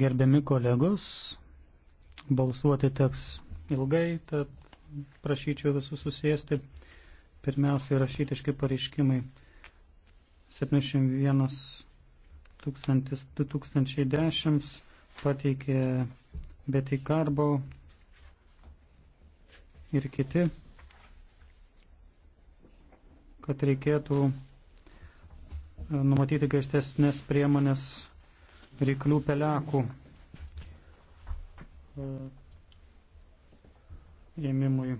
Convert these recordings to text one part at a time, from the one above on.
Gerbiami kolegos, balsuoti teks ilgai, tad prašyčiau visus susėsti. Pirmiausia, rašytiški pareiškimai 71 2010 pateikė Betty Karbo ir kiti, kad reikėtų numatyti griežtesnės priemonės ryklių pelekų e, ėmimui.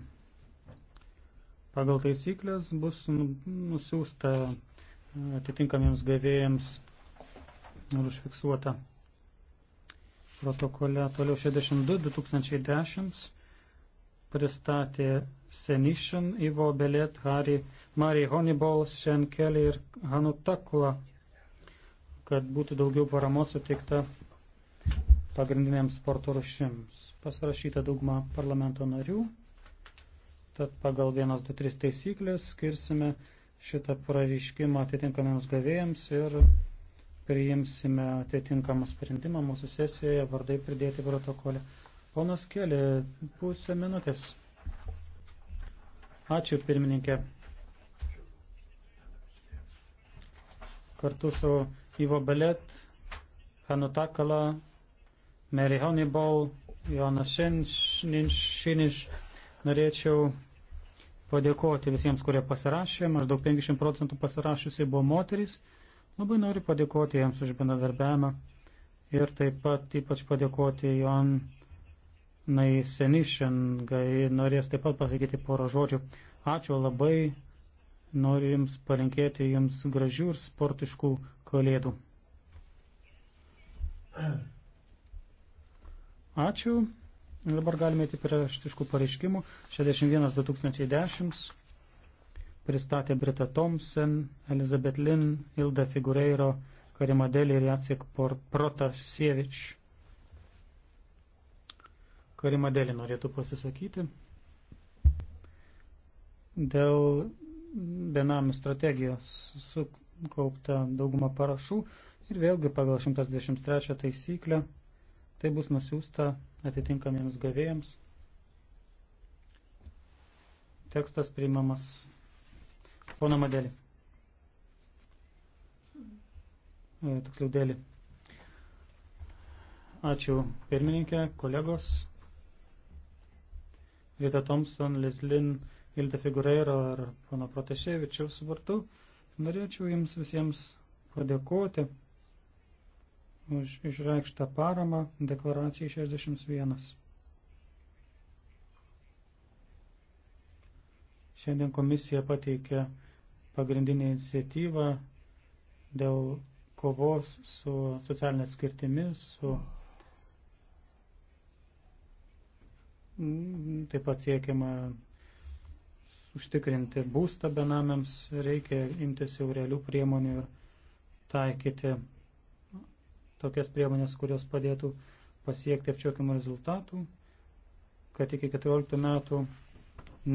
Pagal taisyklės bus nu, nusiųsta e, atitinkamiems gavėjams ir užfiksuota protokole toliau 62 2010 pristatė Senishin, Ivo Belet, Harry, Mari Honeyball, Shen Kelly ir Hanu Takula, kad būtų daugiau paramos suteikta pagrindiniams sporto rušims. Pasirašyta dauguma parlamento narių, tad pagal 1-2-3 taisyklės skirsime šitą pareiškimą atitinkamiems gavėjams ir priimsime atitinkamą sprendimą mūsų sesijoje, vardai pridėti protokolę. Ponas Kelė, pusę minutės. Ačiū pirmininkė. Kartu su Ivo Belet, Hanu Takala, Mary Honeyball, Jonas Šiniš, norėčiau padėkoti visiems, kurie pasirašė. Maždaug 50 procentų pasirašusiai buvo moterys. Labai noriu padėkoti jiems už bendradarbiavimą ir taip pat ypač padėkoti Jon. Jonas Naisenišengai norės taip pat pasakyti porą žodžių. Ačiū labai, noriu Jums palinkėti Jums gražių ir sportiškų kalėdų. Ačiū. Dabar galime įti prie štiškų pareiškimų. 61-2010 pristatė Brita Thompson, Elizabeth Lynn, Ilda Figureiro, Karimadelį ir Jacek Protasievičius. Karimadėlį norėtų pasisakyti dėl benamių strategijos sukaupta dauguma parašų ir vėlgi pagal 123 taisyklę tai bus nusiųsta atitinkamiems gavėjams. Tekstas priimamas. Pona Madelį. E, tiksliau dėlį. Ačiū pirmininkė, kolegos. Vita Thompson, Leslin, Ilde Figureiro ar pono Proteševičiaus vardu. Norėčiau jums visiems padėkoti už išreikštą paramą deklaracijai 61. Šiandien komisija pateikė pagrindinį iniciatyvą dėl kovos su socialinė skirtimi, su Taip pat siekiama užtikrinti būstą benamiams, reikia imtis jau realių priemonių ir taikyti tokias priemonės, kurios padėtų pasiekti apčiokiamų rezultatų, kad iki 14 metų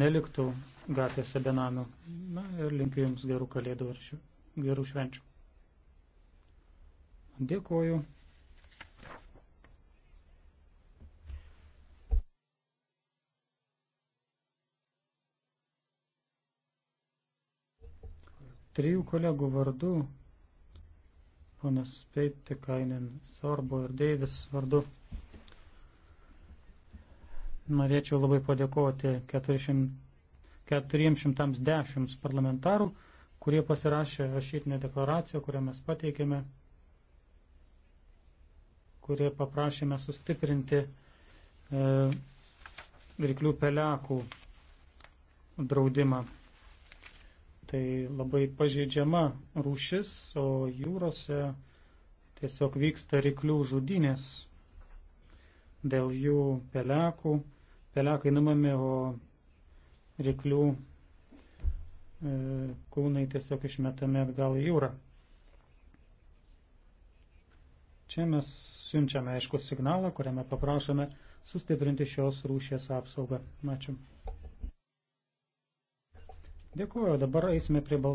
neliktų gatvėse benamių. Na ir linkiu Jums gerų kalėdų ir gerų švenčių. Dėkuoju. Trijų kolegų vardu, ponas Peitikainen, Sorbo ir Deivis vardu, norėčiau labai padėkoti 400, 410 parlamentarų, kurie pasirašė rašytinę deklaraciją, kurią mes pateikėme, kurie paprašėme sustiprinti e, ryklių pelekų draudimą tai labai pažeidžiama rūšis, o jūrose tiesiog vyksta ryklių žudynės dėl jų pelekų. Pelekai numami, o ryklių e, kūnai tiesiog išmetami atgal į jūrą. Čia mes siunčiame aišku signalą, kuriame paprašome sustiprinti šios rūšies apsaugą. Ačiū. Dėkuoju, dabar eisime prie balsų.